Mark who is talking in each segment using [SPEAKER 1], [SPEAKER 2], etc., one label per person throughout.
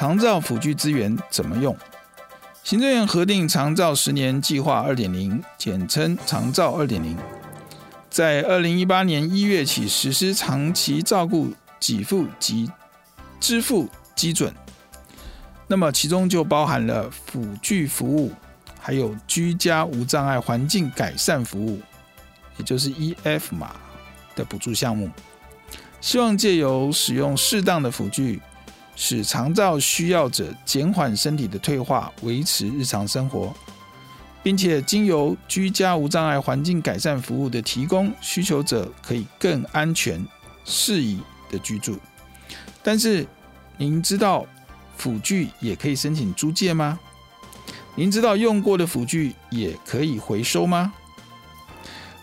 [SPEAKER 1] 長照輔具資源怎麼用？行政院核定長照十年計劃二點零，簡稱長照二點零，在二零一八年一月起實施長期照顧給付及支付基準。那麼其中就包含了輔具服務，還有居家無障礙環境改善服務，也就是 EF 碼的補助項目。希望借由使用適當的輔具，使長照需要者減緩身體的退化，維持日常生活，並且經由居家無障礙環境改善服務的提供，需求者可以更安全、適宜的居住。但是，您知道輔具也可以申請租借嗎？您知道用過的輔具也可以回收嗎？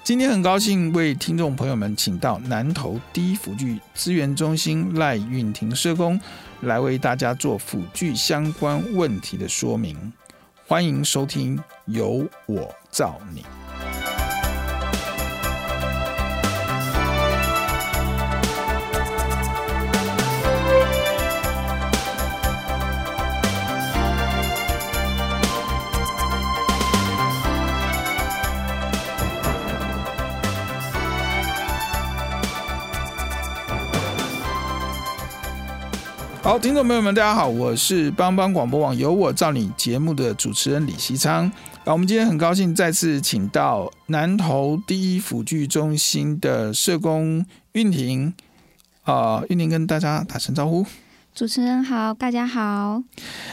[SPEAKER 1] 今天很高興為聽眾朋友們請到南投第一輔具資源中心賴韻婷社工。來為大家做輔具相關問題的說明，歡迎收聽《有我照你》。好，聽眾朋友們，大家好，我是幫幫廣播網有我照你節目的主持人李希昌。啊，我們今天很高興再次請到南投第一輔具中心的社工韻婷。啊、呃，韻婷跟大家打聲招呼。
[SPEAKER 2] 主持人好，大家好，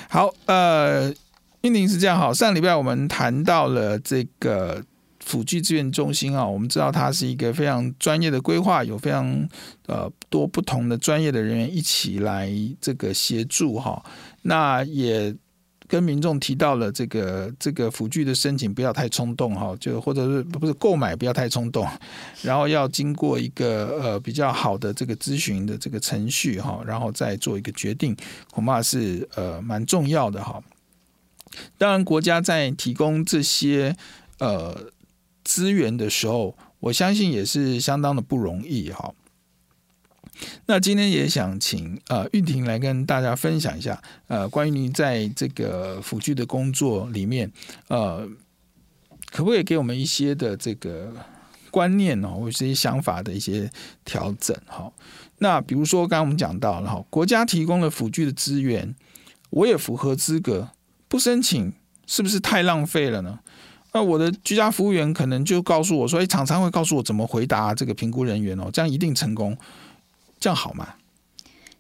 [SPEAKER 1] 好，呃，韻婷是這樣，好，上禮拜我們談到了這個。輔具資源中心啊，我們知道它是一個非常專業的規劃，有非常呃多不同的專業的人員一起來這個協助哈、哦。那也跟民眾提到了這個這個輔具的申請不要太衝動哈、哦，就或者是不是購買不要太衝動，然後要經過一個呃比較好的這個諮詢的這個程序哈、哦，然後再做一個決定，恐怕是呃蠻重要的哈、哦。當然，國家在提供這些呃。資源的時候，我相信也是相當的不容易哈。那今天也想請呃韻婷來跟大家分享一下呃關於您在這個輔具的工作裡面呃，可不可以給我們一些的這個觀念呢？或者一些想法的一些調整哈？那比如說剛才我們講到了哈，國家提供了輔具的資源，我也符合資格，不申請是不是太浪費了呢？那我的居家服務員可能就告訴我，說：“哎，常常會告訴我怎麼回答這個評估人員哦，這樣一定成功，這樣好嗎？”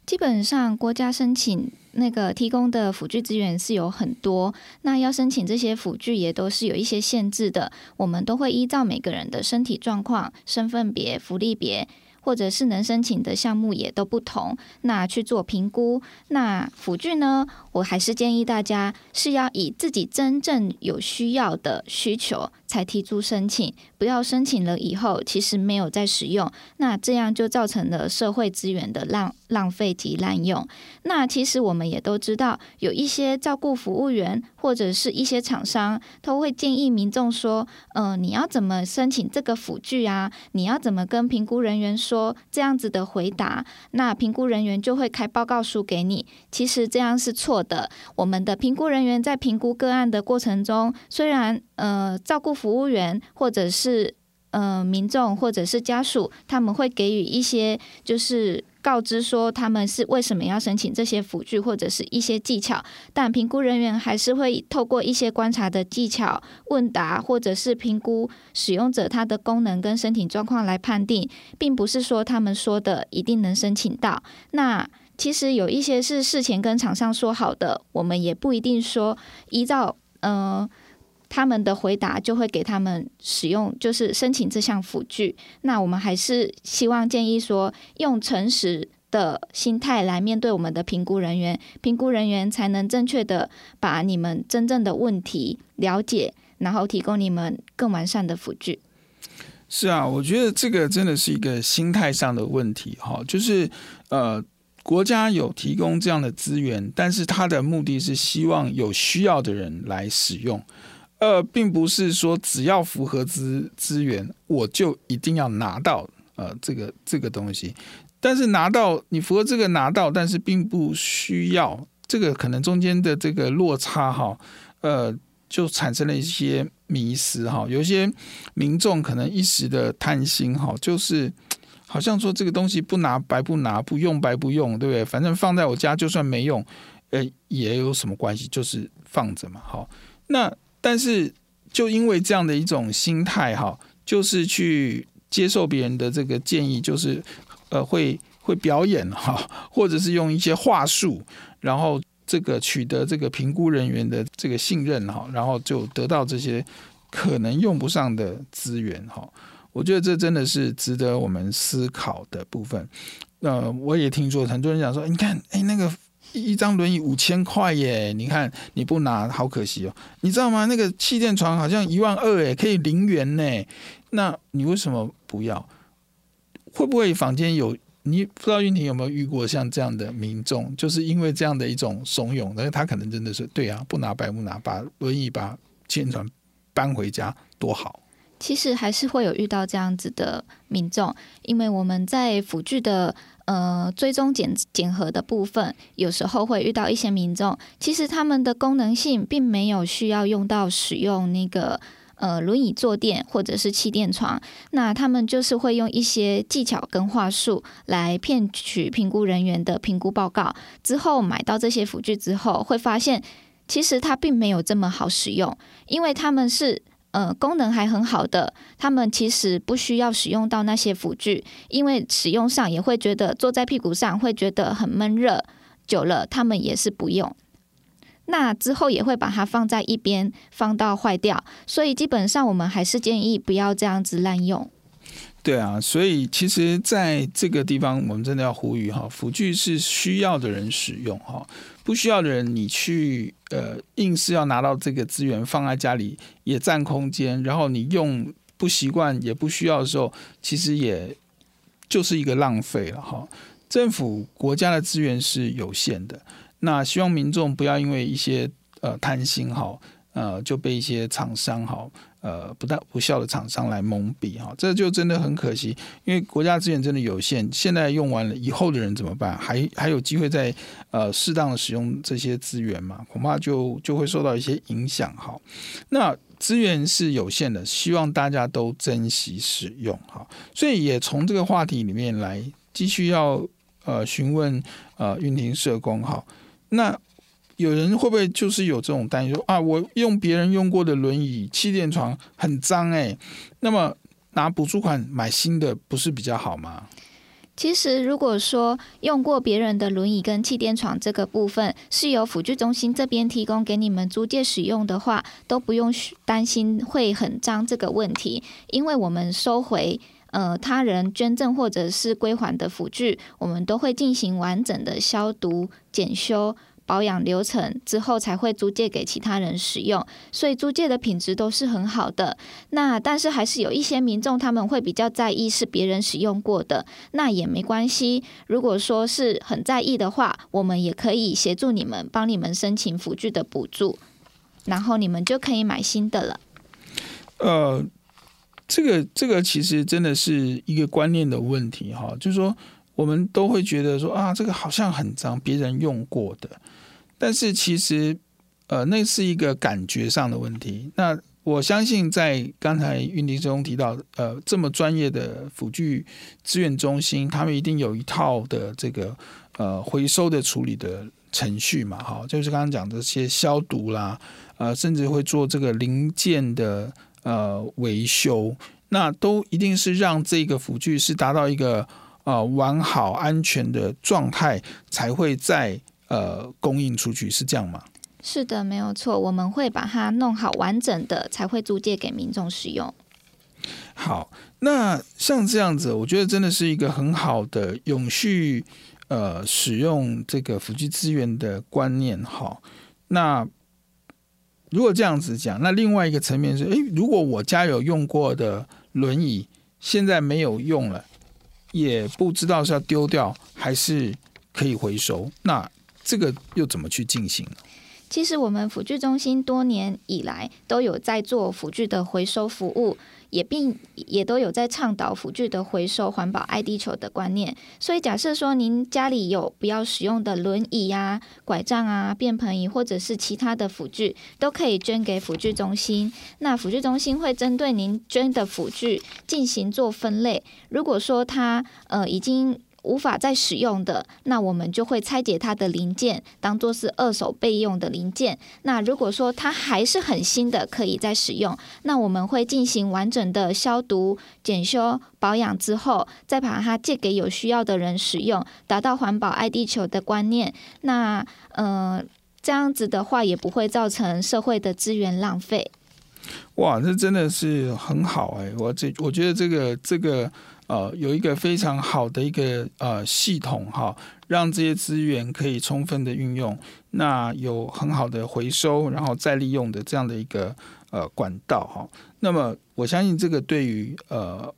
[SPEAKER 2] 基本上，國家申請那個提供的輔具資源是有很多，那要申請這些輔具也都是有一些限制的。我們都會依照每個人的身體狀況、身份別、福利別。或者是能申請的項目也都不同，那去做評估。那輔具呢？我還是建議大家是要以自己真正有需要的需求，才提出申請，不要申請了以後，其實沒有再使用，那這樣就造成了社會資源的浪浪費及濫用。那其實我們也都知道，有一些照顧服務員或者是一些廠商，都會建議民眾說：“嗯、呃，你要怎麼申請這個輔具啊？你要怎麼跟評估人員說？”這樣子的回答，那評估人員就會開報告書給你。其實這樣是錯的。我們的評估人員在評估個案的過程中，雖然。呃，照顧服務員，或者是呃民眾，或者是家屬，他們會給予一些就是告知說他們是為什麼要申請這些輔具，或者是一些技巧。但評估人員還是會透過一些觀察的技巧、問答，或者是評估使用者他的功能跟身體狀況來判定，並不是說他們說的一定能申請到。那其實有一些是事前跟廠商說好的，我們也不一定說依照嗯。呃他們的回答就會給他們使用，就是申請這項輔具。那我們還是希望建議說，用誠實的心態來面對我們的評估人員，評估人員才能正確的把你們真正的問題了解，然後提供你們更完善的輔具。
[SPEAKER 1] 是啊，我覺得這個真的是一個心態上的問題哈。就是呃，國家有提供這樣的資源，但是他的目的是希望有需要的人來使用。呃，並不是說只要符合資資源，我就一定要拿到呃這個這個東西。但是拿到你符合這個拿到，但是並不需要這個，可能中間的這個落差哈、哦，呃，就產生了一些迷思。哈、哦。有些民眾可能一時的貪心哈、哦，就是好像說這個東西不拿白不拿，不用白不用，對不對？反正放在我家就算沒用，呃，也有什麼關係，就是放着嘛。好、哦，那。但是，就因為這樣的一種心態哈，就是去接受別人的這個建議，就是呃，會會表演哈，或者是用一些話術，然後這個取得這個評估人員的這個信任哈，然後就得到這些可能用不上的資源哈。我覺得這真的是值得我們思考的部分。那、呃、我也聽說很多人講說，你看，哎，那個。一張輪椅五千塊耶，你看你不拿好可惜哦。你知道嗎？那個氣墊床好像一萬二耶，可以零元呢。那你為什麼不要？會不會坊間有？你不知道韻婷有沒有遇過像這樣的民眾？就是因為這樣的一種慫恿，而他可能真的是對啊，不拿白不拿，把輪椅把氣墊床搬回家多好。
[SPEAKER 2] 其實還是會有遇到這樣子的民眾，因為我們在輔具的呃追蹤檢檢核的部分，有時候會遇到一些民眾，其實他們的功能性並沒有需要用到使用那個呃輪椅坐墊或者是氣墊床，那他們就是會用一些技巧跟話術來騙取評估人員的評估報告，之後買到這些輔具之後，會發現其實它並沒有這麼好使用，因為他們是。呃、嗯，功能還很好的，他們其實不需要使用到那些輔具，因為使用上也會覺得坐在屁股上會覺得很悶熱，久了他們也是不用。那之後也會把它放在一邊，放到壞掉。所以基本上我們還是建議不要這樣子濫用。
[SPEAKER 1] 對啊，所以其實在這個地方，我們真的要呼籲哈，哦、輔具是需要的人使用哈。哦不需要的人，你去呃硬是要拿到這個資源放在家裡也佔空間，然後你用不習慣也不需要的時候，其實也就是一個浪費了哈。政府國家的資源是有限的，那希望民眾不要因為一些呃貪心哈。呃，就被一些廠商哈，呃，不大不肖的廠商來蒙蔽哈，這就真的很可惜，因為國家資源真的有限，現在用完了以後的人怎麼辦？還還有機會再呃適當的使用這些資源嘛，恐怕就就會受到一些影響哈。那資源是有限的，希望大家都珍惜使用哈。所以也從這個話題裡面來繼續要呃詢問呃韻婷社工哈，那。有人會不會就是有這種擔心說，啊，我用別人用過的輪椅、氣墊床很髒哎、欸？那麼拿補助款買新的不是比較好嗎？
[SPEAKER 2] 其實如果說用過別人的輪椅跟氣墊床這個部分是由輔具中心這邊提供給你們租借使用的話，都不用擔心會很髒這個問題，因為我們收回呃他人捐贈或者是歸還的輔具，我們都會進行完整的消毒檢修。保養流程之後才會租借給其他人使用，所以租借的品質都是很好的。那但是還是有一些民眾他們會比較在意是別人使用過的，那也沒關係。如果說是很在意的話，我們也可以協助你們幫你們申請輔具的補助，然後你們就可以買新的了。
[SPEAKER 1] 呃，這個這個其實真的是一個觀念的問題哈，就是說我們都會覺得說啊，這個好像很髒，別人用過的。但是其實，呃，那是一個感覺上的問題。那我相信，在剛才韻婷中提到，呃，這麼專業的輔具資源中心，他們一定有一套的這個呃回收的處理的程序嘛。哈，就是剛剛講的這些消毒啦，呃，甚至會做這個零件的呃維修，那都一定是讓這個輔具是達到一個呃完好安全的狀態，才會在。呃，供應出去是這樣嗎？
[SPEAKER 2] 是的，沒有錯。我們會把它弄好完整的，才會租借給民眾使用。
[SPEAKER 1] 好，那像這樣子，我覺得真的是一個很好的永續呃使用這個輔具資源的觀念。好，那如果這樣子講，那另外一個層面是，誒，如果我家有用過的輪椅，現在沒有用了，也不知道是要丟掉還是可以回收，那。這個又怎麼去進行
[SPEAKER 2] 呢？其實我們輔具中心多年以來都有在做輔具的回收服務，也並也都有在倡導輔具的回收環保愛地球的觀念。所以假設說您家裡有不要使用的輪椅呀、啊、拐杖啊，便盆椅或者是其他的輔具，都可以捐給輔具中心。那輔具中心會針對您捐的輔具進行做分類。如果說它呃已經無法再使用的，那我們就會拆解它的零件，當做是二手備用的零件。那如果說它還是很新的，可以再使用，那我們會進行完整的消毒、檢修、保養之後，再把它借給有需要的人使用，達到環保愛地球的觀念。那呃，這樣子的話，也不會造成社會的資源浪費。
[SPEAKER 1] 哇，這真的是很好哎、欸！我這我覺得這個這個。呃，有一個非常好的一個呃系統哈，讓這些資源可以充分的運用，那有很好的回收，然後再利用的這樣的一個呃管道哈。那麼我相信這個對於呃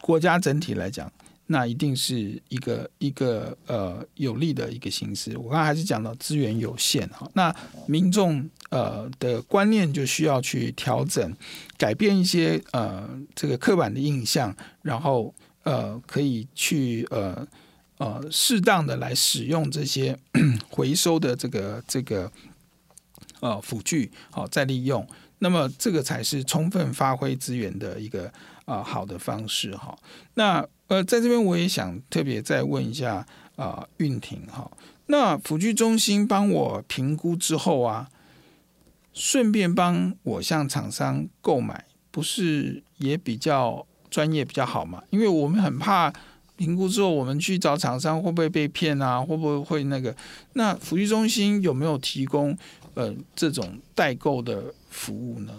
[SPEAKER 1] 國家整體來講。那一定是一個一個呃有利的一個形式。我剛才還是講到資源有限哈，那民眾呃的觀念就需要去調整，改變一些呃這個刻板的印象，然後呃可以去呃呃適當的來使用這些回收的這個這個呃輔具，好再利用。那麼這個才是充分發揮資源的一個呃好的方式哈。那呃，在這邊我也想特別再問一下啊，韻婷哈，那輔具中心幫我評估之後啊，順便幫我向廠商購買，不是也比較專業比較好嘛？因為我們很怕評估之後，我們去找廠商會不會被騙啊？會不會會那個？那輔具中心有沒有提供呃這種代購的服務呢？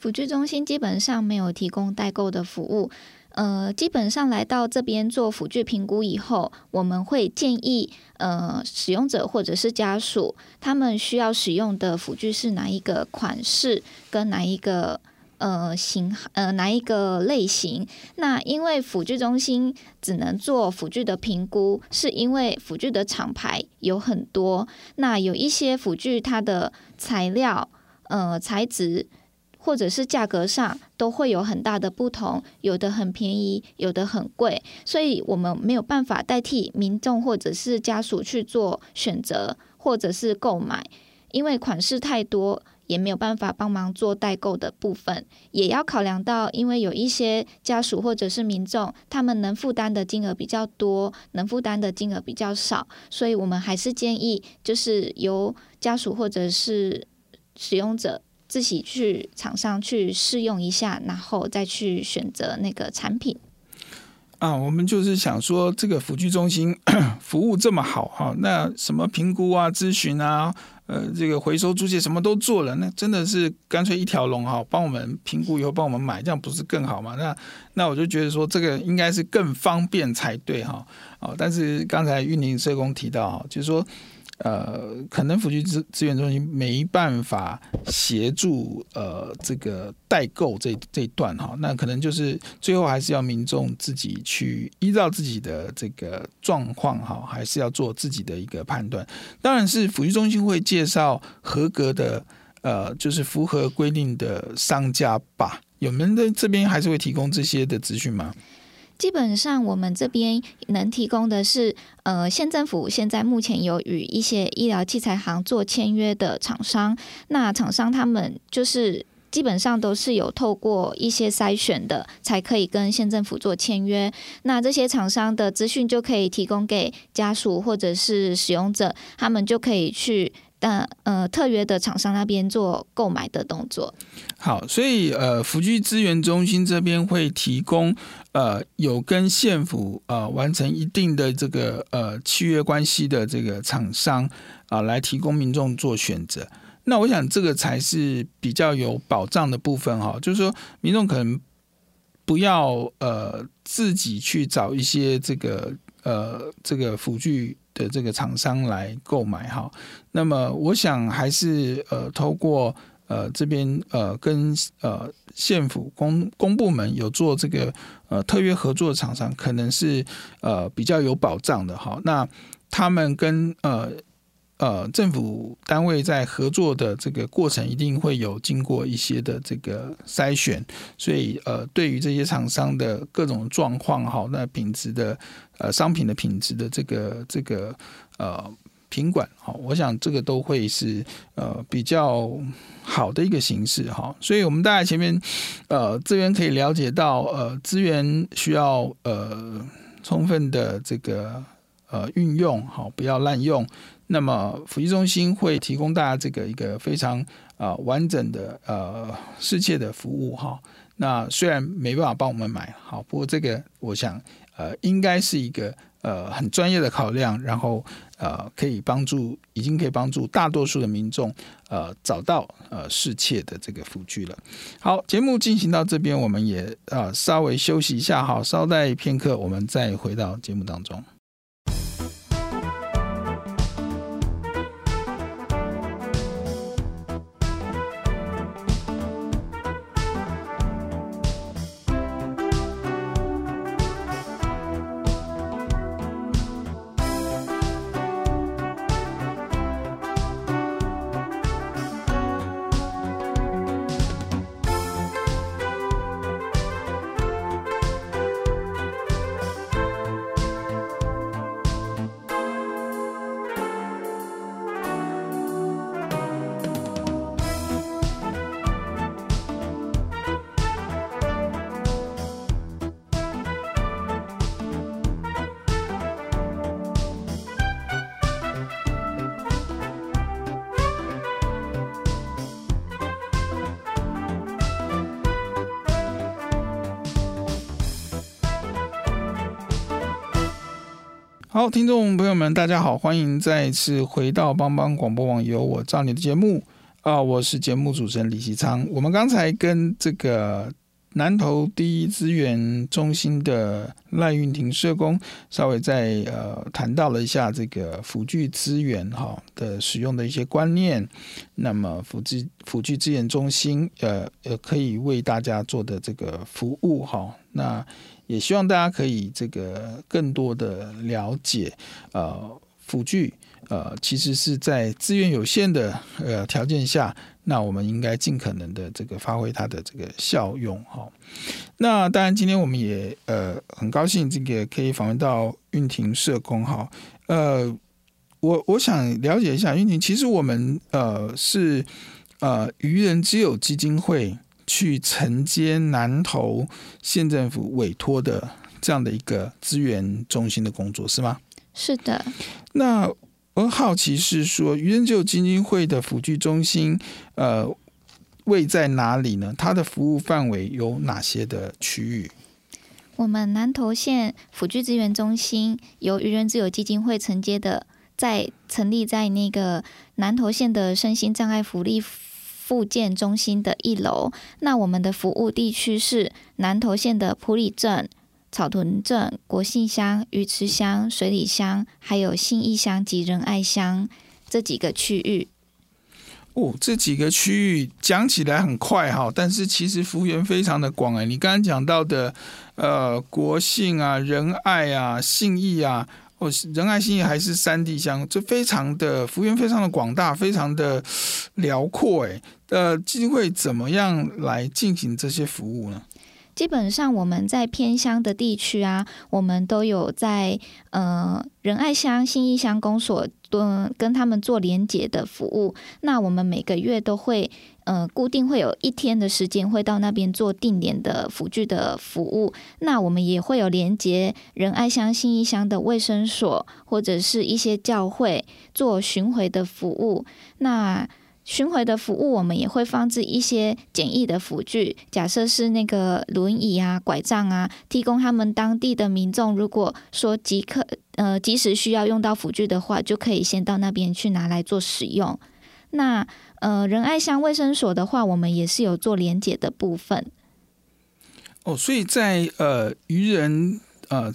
[SPEAKER 2] 輔具中心基本上沒有提供代購的服務。呃，基本上來到這邊做輔具評估以後，我們會建議呃使用者或者是家屬，他們需要使用的輔具是哪一個款式，跟哪一個呃型號、呃哪一個類型。那因為輔具中心只能做輔具的評估，是因為輔具的廠牌有很多，那有一些輔具它的材料呃材質。或者是價格上都會有很大的不同，有的很便宜，有的很貴，所以我們沒有辦法代替民眾或者是家屬去做選擇或者是購買，因為款式太多，也沒有辦法幫忙做代購的部分，也要考量到，因為有一些家屬或者是民眾，他們能負擔的金額比較多，能負擔的金額比較少，所以我們還是建議，就是由家屬或者是使用者。自己去廠商去試用一下，然後再去選擇那個產品。
[SPEAKER 1] 啊，我們就是想說，這個輔具中心呵呵服務這麼好哈、啊，那什麼評估啊、諮詢啊、呃，這個回收租借什麼都做了，那真的是乾脆一條龍啊，幫我們評估以後幫我們買，這樣不是更好嗎？那那我就覺得說，這個應該是更方便才對哈。好、啊啊，但是剛才韻婷社工提到，啊、就是說。呃，可能輔具資資源中心沒辦法協助呃，這個代購這這一段哈、哦，那可能就是最後還是要民眾自己去依照自己的這個狀況哈、哦，還是要做自己的一個判斷。當然是輔具中心會介紹合格的呃，就是符合規定的商家吧。有們的這邊還是會提供這些的資訊嗎？
[SPEAKER 2] 基本上，我們這邊能提供的是，是呃，縣政府現在目前有與一些醫療器材行做簽約的廠商。那廠商他們就是基本上都是有透過一些篩選的，才可以跟縣政府做簽約。那這些廠商的資訊就可以提供給家屬或者是使用者，他們就可以去那呃特約的廠商那邊做購買的動作。
[SPEAKER 1] 好，所以呃，輔具資源中心這邊會提供。呃，有跟縣府呃完成一定的這個呃契約關係的這個廠商啊、呃，來提供民眾做選擇，那我想這個才是比較有保障的部分哈，就是說民眾可能不要呃自己去找一些這個呃這個輔具的這個廠商來購買哈，那麼我想還是呃透過呃，這邊呃跟呃縣府公公部門有做這個呃特約合作的廠商，可能是呃比較有保障的哈。那他們跟呃呃政府單位在合作的這個過程，一定會有經過一些的這個篩選，所以呃對於這些廠商的各種狀況哈，那品質的呃商品的品質的這個這個呃。儘管，好，我想這個都會是呃比較好的一個形式哈。所以，我們大家前面呃資源可以了解到，呃資源需要呃充分的這個呃運用，好不要濫用。那麼，輔具中心會提供大家這個一個非常啊、呃、完整的呃適切的服務哈。那雖然沒辦法幫我們買好，不過這個我想呃應該是一個呃很專業的考量，然後。呃，可以幫助已經可以幫助大多數的民眾呃找到呃適切的這個輔具了。好，節目進行到這邊，我們也啊、呃、稍微休息一下，好，稍待片刻，我們再回到節目當中。聽眾朋友們，大家好，歡迎再一次回到幫幫廣播網友，由我照你的節目啊，我是節目主持人李希昌。我們剛才跟這個南投第一資源中心的賴韻婷社工稍微在呃談到了一下這個輔具資源哈、哦、的使用的一些觀念，那麼輔具輔具資源中心呃呃可以為大家做的這個服務哈、哦、那。也希望大家可以這個更多的了解，呃，輔具，呃，其實是在資源有限的呃條件下，那我們應該盡可能的這個發揮它的這個效用哈。那當然，今天我們也呃很高興這個可以訪問到韻婷社工哈。呃，我我想了解一下韻婷，其實我們呃是呃愚人之友基金會。去承接南投縣政府委托的這樣的一個資源中心的工作是嗎？是的。那我很好奇是說，愚人之友基金會的輔具中心，呃，位在哪裡呢？它的服務範圍有哪些的區域？
[SPEAKER 2] 我們南投縣輔具資源中心由愚人之友基金會承接的，在成立在那個南投縣的身心障礙福利復建中心的一樓，那我們的服務地區是南投縣的埔里鎮、草屯鎮、國姓鄉、魚池鄉、水里鄉，還有信義鄉及仁愛鄉這幾個區域。
[SPEAKER 1] 哦，這幾個區域講起來很快哈，但是其實幅員非常的廣哎、欸。你剛剛講到的，呃，國姓啊、仁愛啊、信義啊。哦，仁愛信義還是三地鄉，這非常的幅員，非常的廣大，非常的遼闊。哎，呃，基金會怎麼樣來進行這些服務呢？
[SPEAKER 2] 基本上我們在偏鄉的地區啊，我們都有在呃仁愛鄉、信義鄉公所，嗯、呃，跟他們做連接的服務。那我們每個月都會。呃、嗯，固定會有一天的時間，會到那邊做定點的輔具的服務。那我們也會有連接仁愛鄉、信義鄉的衛生所，或者是一些教會做巡回的服務。那巡回的服務，我們也會放置一些簡易的輔具，假設是那個輪椅啊、拐杖啊提供他們當地的民眾，如果說即刻呃，即時需要用到輔具的話，就可以先到那邊去拿來做使用。那呃，仁愛鄉衛生所的話，我們也是有做連結的部分。
[SPEAKER 1] 哦，所以在呃愚人，呃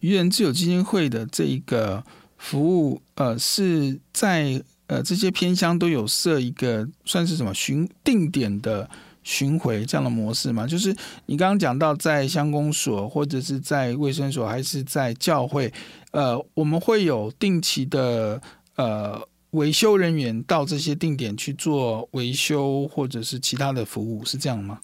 [SPEAKER 1] 愚人自有基金會的這一個服務，呃是在呃這些偏鄉都有設一個算是什麼巡定點的巡回這樣的模式嘛？就是你剛剛講到在鄉公所或者是在衛生所還是在教會，呃，我們會有定期的呃。維修人員到這些定點去做維修，或者是其他的服務，是這樣嗎？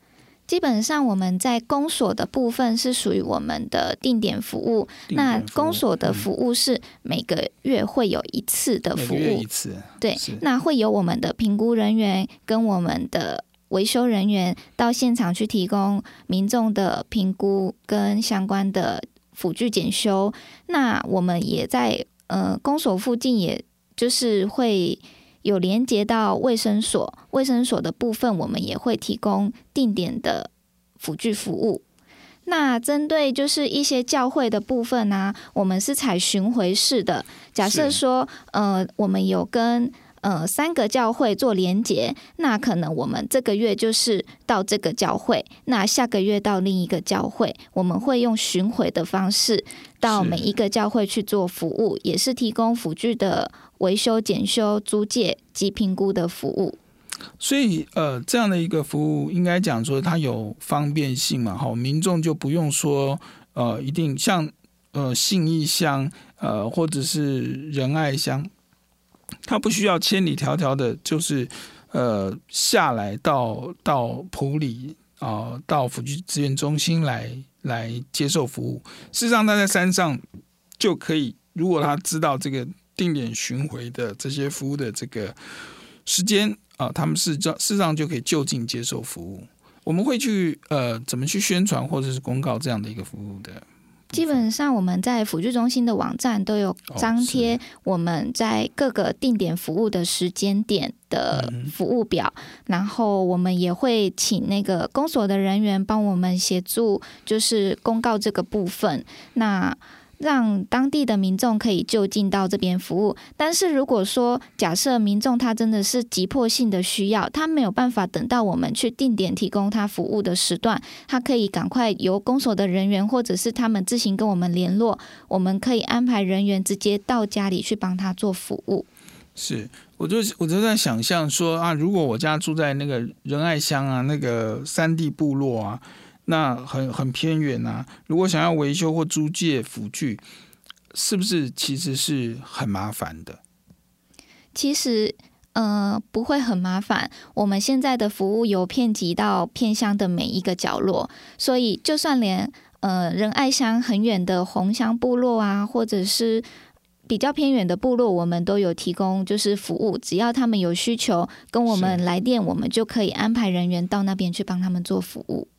[SPEAKER 2] 基本上我們在公所的部分是屬於我們的定點服務。服務，那公所的服務是每個月會有一次的服務、嗯、一次、對。是那會有我們的評估人員跟我們的維修人員到現場去提供民眾的評估跟相關的輔具檢修。那我們也在呃公所附近也。就是會有連接到衛生所，衛生所的部分我們也會提供定點的輔具服務。那針對就是一些教會的部分呢、啊，我們是採巡回式的。假設說，是呃，我們有跟。呃，三個教會做連接。那可能我們這個月就是到這個教會，那下個月到另一個教會，我們會用巡回的方式到每一個教會去做服務，是也是提供輔具的維修、檢修、租借及評估的服務。
[SPEAKER 1] 所以，呃，這樣的一個服務應該講說，它有方便性嘛，好，哦，民眾就不用說，呃，一定像呃信義鄉，呃，或者是仁愛鄉。他不需要千里迢迢的，就是呃下來到到埔里啊，呃，到輔具資源中心來來接受服務。事實上，他在山上就可以，如果他知道這個定點巡迴的這些服務的這個時間啊，呃，他們是這，事實上就可以就近接受服務。我們會去呃怎麼去宣傳或者是公告這樣的一個服務的。
[SPEAKER 2] 基本上我們在輔具中心的網站都有張貼我們在各個定點服務的時間點的服務表，哦啊、然後我們也會請那個公所的人員幫我們協助，就是公告這個部分。那讓當地的民眾可以就近到這邊服務，但是如果說假設民眾他真的是急迫性的需要，他沒有辦法等到我們去定點提供他服務的時段，他可以趕快由公所的人員或者是他們自行跟我們聯絡，我們可以安排人員直接到家裡去幫他做服務。
[SPEAKER 1] 是，我就我就在想象說啊，如果我家住在那個仁愛鄉啊，那個山地部落啊。那很很偏遠啊！如果想要維修或租借輔具，是不是其實是很麻煩的？
[SPEAKER 2] 其實，呃，不會很麻煩。我們現在的服務有遍及到偏鄉的每一個角落，所以就算連呃仁愛鄉很遠的紅香部落啊，或者是比較偏遠的部落，我們都有提供就是服務。只要他們有需求跟我們來電，是我們就可以安排人員到那邊去幫他們做服務。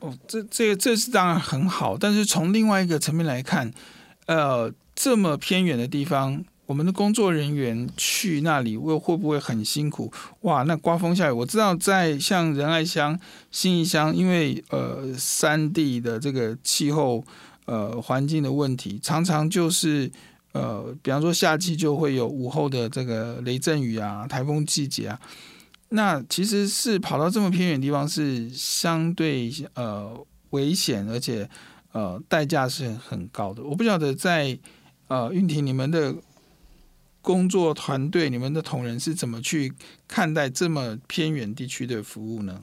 [SPEAKER 1] 哦，這這這是當然很好，但是從另外一個層面來看，呃，這麼偏遠的地方，我們的工作人員去那裡會會不會很辛苦？哇，那颳風下雨，我知道在像仁愛鄉、信義鄉，因為呃山地的這個氣候、呃環境的問題，常常就是呃，比方說夏季就會有午後的這個雷陣雨啊，颱風季節啊。那其實是跑到這麼偏遠地方是相對呃危險，而且呃代價是很高的。我不曉得在呃韻婷你們的工作團隊、你們的同仁是怎麼去看待這麼偏遠地區的服務呢？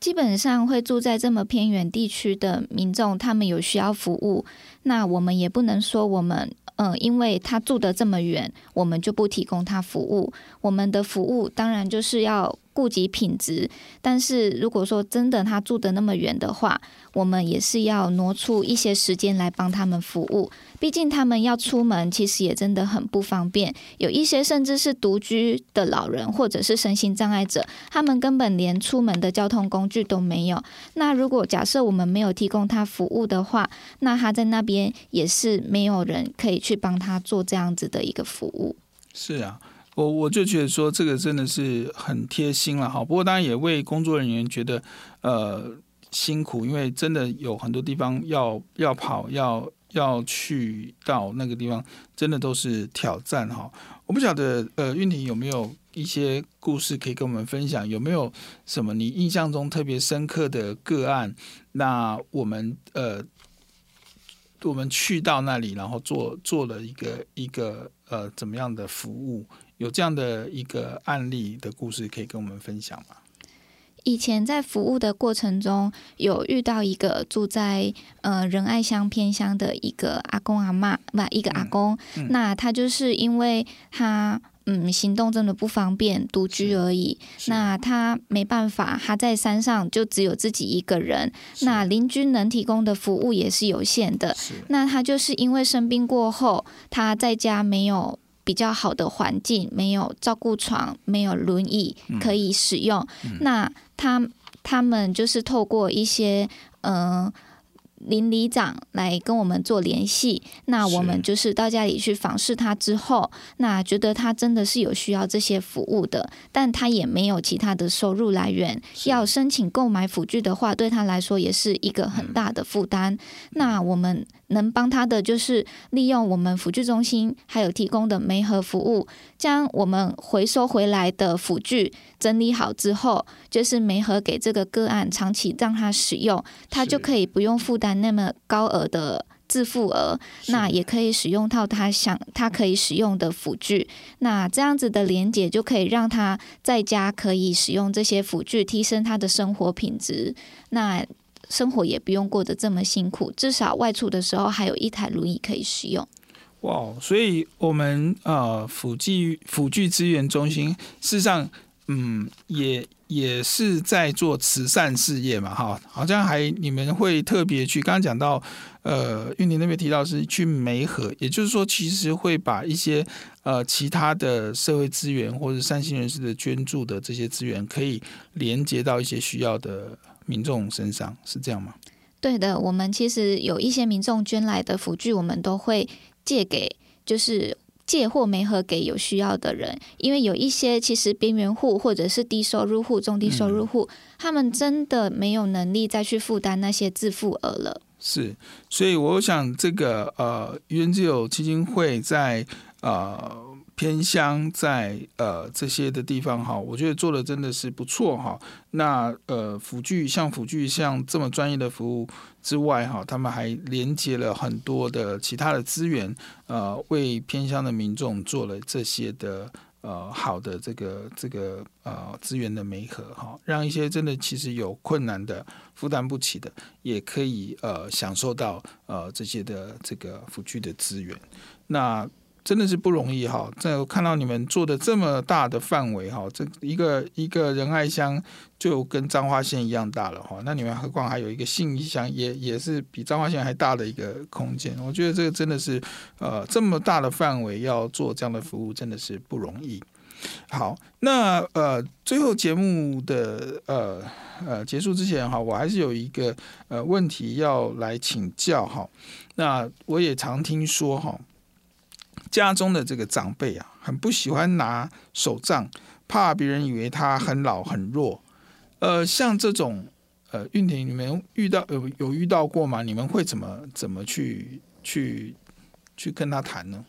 [SPEAKER 2] 基本上會住在這麼偏遠地區的民眾，他們有需要服務，那我們也不能說我們，嗯、呃，因為他住的這麼遠，我們就不提供他服務。我們的服務當然就是要。戶籍品質，但是如果說真的他住得那麼遠的話，我們也是要挪出一些時間來幫他們服務。畢竟他們要出門，其實也真的很不方便。有一些甚至是獨居的老人，或者是身心障礙者，他們根本連出門的交通工具都沒有。那如果假設我們沒有提供他服務的話，那他在那邊也是沒有人可以去幫他做這樣子的一個服務。
[SPEAKER 1] 是啊。我我就覺得說這個真的是很貼心了哈。不過當然也為工作人員覺得呃辛苦，因為真的有很多地方要要跑，要要去到那個地方，真的都是挑戰哈。我不曉得呃，韻婷有沒有一些故事可以跟我們分享？有沒有什麼你印象中特別深刻的個案？那我們呃，我們去到那裡，然後做做了一個一個呃怎麼樣的服務？有這樣的一個案例的故事，可以跟我們分享嗎？
[SPEAKER 2] 以前在服務的過程中，有遇到一個住在呃仁愛鄉偏鄉的一個阿公阿媽，不，一個阿公。嗯嗯、那他就是因為他嗯行動真的不方便，獨居而已。那他沒辦法，他在山上就只有自己一個人。是那鄰居能提供的服務也是有限的。是那他就是因為生病過後，他在家沒有。比較好的環境，沒有照顧床，沒有輪椅可以使用。嗯嗯、那他他們就是透過一些嗯鄰、呃、里長來跟我們做聯繫。那我們就是到家裡去訪視他之後，是那覺得他真的是有需要這些服務的，但他也沒有其他的收入來源。是要申請購買輔具的話，對他來說也是一個很大的負擔。嗯、那我們。能幫他的就是利用我們輔具中心還有提供的媒合服務，將我們回收回來的輔具整理好之後，就是媒合給這個個案長期讓他使用，他就可以不用負擔那麼高額的自付額，是那也可以使用到他想他可以使用的輔具，那這樣子的連接就可以讓他在家可以使用這些輔具，提升他的生活品質。那生活也不用過得這麼辛苦，至少外出的時候還有一台輪椅可以使用。
[SPEAKER 1] 哇，wow, 所以我們呃輔具輔具資源中心，事實上，嗯，也也是在做慈善事業嘛，哈，好像還你們會特別去，剛剛講到，呃，韻婷那邊提到是去媒合，也就是說，其實會把一些呃其他的社會資源或者善心人士的捐助的這些資源，可以連接到一些需要的。民眾身上是這樣嗎？
[SPEAKER 2] 對的，我們其實有一些民眾捐來的輔具，我們都會借給，就是借貨沒合給有需要的人，因為有一些其實邊緣戶或者是低收入戶、中低收入戶，嗯、他們真的沒有能力再去負擔那些自付額了。
[SPEAKER 1] 是，所以我想這個呃原只有基金會在呃。偏鄉在呃這些的地方哈，我覺得做的真的是不錯哈。那呃，輔具像輔具像這麼專業的服務之外哈，他們還連接了很多的其他的資源，呃，為偏鄉的民眾做了這些的呃好的這個這個呃資源的媒合哈，讓一些真的其實有困難的、負擔不起的，也可以呃享受到呃這些的這個輔具的資源。那真的是不容易哈！這我看到你們做的這麼大的範圍哈，這一個一個仁愛鄉就跟彰化縣一樣大了哈。那你們何況還有一個信義鄉，也也是比彰化縣還大的一個空間。我覺得這個真的是呃，這麼大的範圍要做這樣的服務，真的是不容易。好，那呃，最後節目的呃呃結束之前哈、哦，我還是有一個呃問題要來請教哈、哦。那我也常聽說哈。哦家中的這個長輩啊，很不喜歡拿手杖，怕別人以為他很老很弱。呃，像這種呃，韻婷，你們遇到有有遇到過嗎？你們會怎麼怎麼去去去跟他談呢？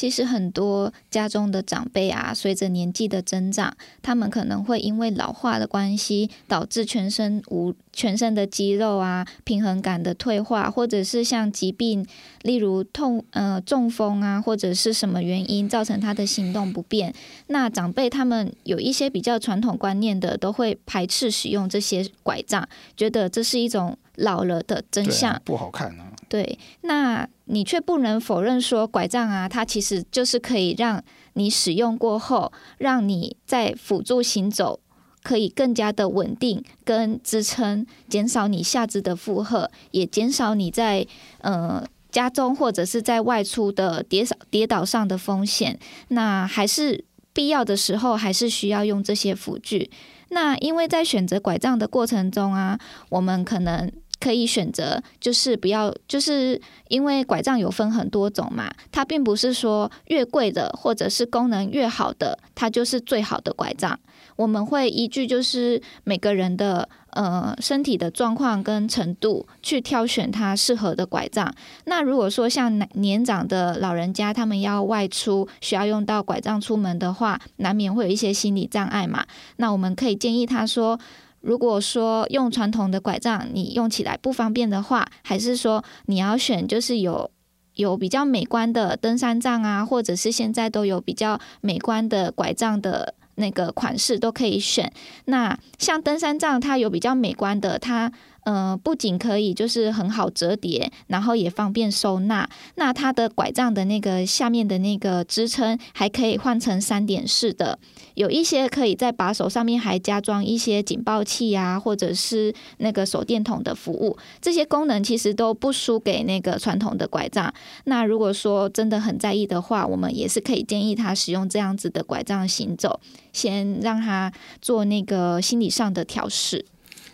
[SPEAKER 2] 其實很多家中的長輩啊，隨着年紀的增長，他們可能會因為老化的關係，導致全身無全身的肌肉啊、平衡感的退化，或者是像疾病，例如痛呃、中風啊，或者是什麼原因造成他的行動不便。那長輩他們有一些比較傳統觀念的，都會排斥使用這些拐杖，覺得這是一種老了的真相，不好看啊。對，那。你卻不能否認說拐杖啊，它其實就是可以讓你使用過後，讓你在輔助行走可以更加的穩定跟支撐，減少你下肢的負荷，也減少你在呃家中或者是在外出的跌跌倒上的風險。那還是必要的時候，還是需要用這些輔具。那因為在選擇拐杖的過程中啊，我們可能。可以選擇，就是不要，就是因為拐杖有分很多種嘛，它並不是說越貴的，或者是功能越好的，的它就是最好的拐杖。我們會依據就是每個人的呃身體的狀況跟程度去挑選它適合的拐杖。那如果說像年年長的老人家，他們要外出需要用到拐杖出門的話，難免會有一些心理障礙嘛。那我們可以建議他說。如果說用傳統的拐杖，你用起來不方便的話，還是說你要選，就是有有比較美觀的登山杖啊，或者是現在都有比較美觀的拐杖的那個款式都可以選。那像登山杖它有比較美觀的，它呃不僅可以就是很好折疊，然後也方便收納。那它的拐杖的那個下面的那個支撐還可以換成三點式的。有一些可以在把手上面還加裝一些警報器啊，或者是那個手電筒的服務，這些功能其實都不輸給那個傳統的拐杖。那如果說真的很在意的話，我們也是可以建議他使用這樣子的拐杖行走，先讓他做那個心理上的調試。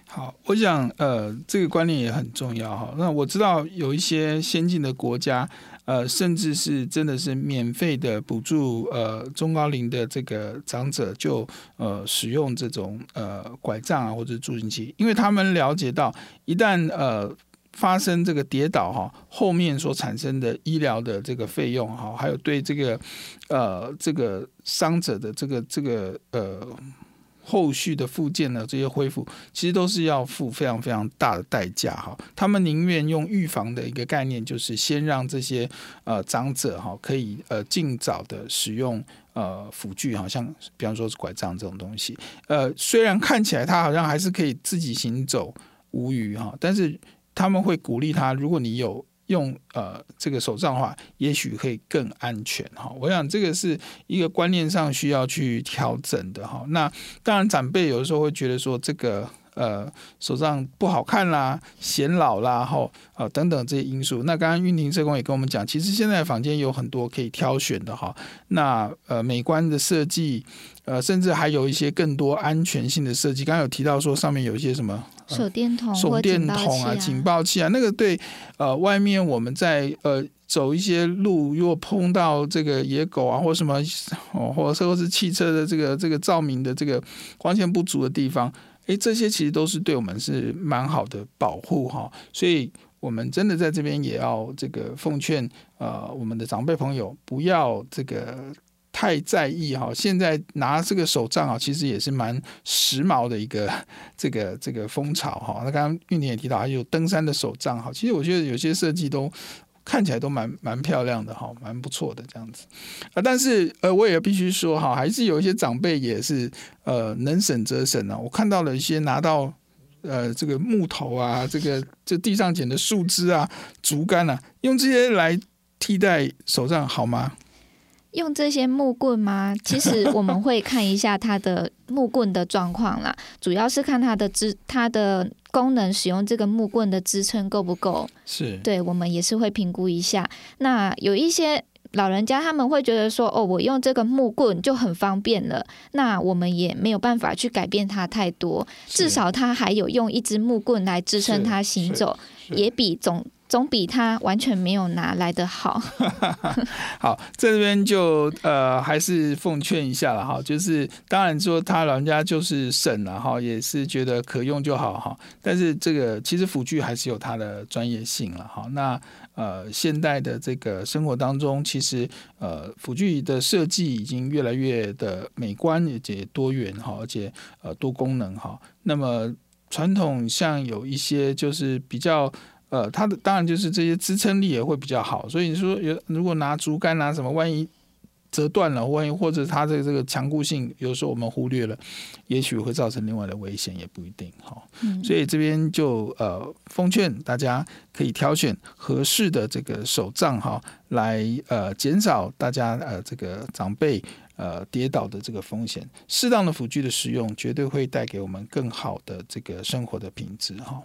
[SPEAKER 1] 好，我想呃，這個觀念也很重要哈。那我知道有一些先進的國家。呃，甚至是真的是免費的補助，呃，中高齡的這個長者就呃使用這種呃拐杖啊，或者助行器，因為他們了解到一旦呃發生這個跌倒哈，後面所產生的醫療的這個費用哈，還有對這個呃這個傷者的這個這個呃。後續的復健呢，這些恢復其實都是要付非常非常大的代價哈、哦。他們寧願用預防的一個概念，就是先讓這些呃長者哈、哦、可以呃盡早的使用呃輔具，好像比方說是拐杖這種東西。呃，雖然看起來他好像還是可以自己行走無虞哈、哦，但是他們會鼓勵他，如果你有。用呃這個手杖的話，也許可以更安全哈、哦。我想這個是一個觀念上需要去調整的哈、哦。那當然，長輩有的時候會覺得說這個呃手杖不好看啦，顯老啦，哈、哦、呃等等這些因素。那剛剛韻婷社工也跟我們講，其實現在的房間有很多可以挑選的哈、哦。那呃美觀的設計，呃甚至還有一些更多安全性的設計。剛剛有提到說上面有一些什麼。
[SPEAKER 2] 呃、手電筒、啊、手電筒啊，警
[SPEAKER 1] 報器啊，那個對，呃，外面我們在呃走一些路，如果碰到這個野狗啊，或什麼，哦，或者或者是汽車的這個這個照明的這個光線不足的地方，誒，這些其實都是對我們是蠻好的保護哈、哦，所以我們真的在這邊也要這個奉勸呃我們的長輩朋友不要這個。太在意哈，現在拿這個手杖啊，其實也是蠻時髦的一個這個這個風潮哈。那剛剛韻婷也提到，還有登山的手杖哈。其實我覺得有些設計都看起來都蠻蠻漂亮的哈，蠻不錯的這樣子啊。但是呃，我也必須說哈，還是有一些長輩也是呃能省則省呢。我看到了一些拿到呃這個木頭啊，這個這個、地上撿的樹枝啊、竹竿啊，用這些來替代手杖好嗎？
[SPEAKER 2] 用這些木棍嗎？其實我們會看一下它的木棍的狀況啦， 主要是看它的支、它的功能使用這個木棍的支撐夠不夠？是，對我們也是會評估一下。那有一些老人家，他們會覺得說：“哦，我用這個木棍就很方便了。”那我們也沒有辦法去改變它太多，至少他還有用一支木棍來支撐他行走，也比總。總比他完全沒有拿來的好。
[SPEAKER 1] 好，在這邊就呃還是奉勸一下了哈，就是當然說他老人家就是省了哈，也是覺得可用就好哈。但是這個其實輔具還是有它的專業性了哈。那呃，現代的這個生活當中，其實呃輔具的設計已經越來越的美觀，而且多元哈，而且呃多功能哈。那麼傳統像有一些就是比較。呃，它的當然就是這些支撐力也會比較好，所以你說有，如果拿竹竿拿、啊、什麼，萬一折斷了，萬一或者它的這個強固性，有時候我們忽略了，也許會造成另外的危險，也不一定哈。哦嗯、所以這邊就呃，奉勸大家可以挑選合適的這個手杖哈、哦，來呃減少大家呃這個長輩。呃，跌倒的這個風險，適當的輔具的使用，絕對會帶給我們更好的這個生活的品質哈、哦。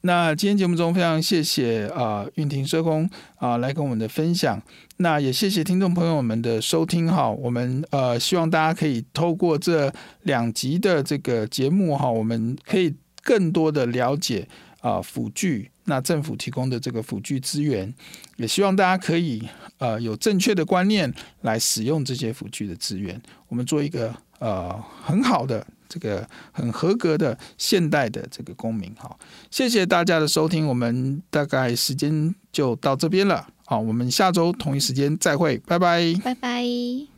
[SPEAKER 1] 那今天節目中非常謝謝啊、呃，韻婷社工啊、呃、來跟我們的分享，那也謝謝聽眾朋友們的收聽哈、哦。我們呃，希望大家可以透過這兩集的這個節目哈、哦，我們可以更多的了解啊輔、呃、具。那政府提供的這個輔具資源，也希望大家可以呃有正確的觀念來使用這些輔具的資源，我們做一個呃很好的這個很合格的現代的這個公民。好，謝謝大家的收聽，我們大概時間就到這邊了。好，我們下周同一時間再會，嗯、拜拜，
[SPEAKER 2] 拜拜。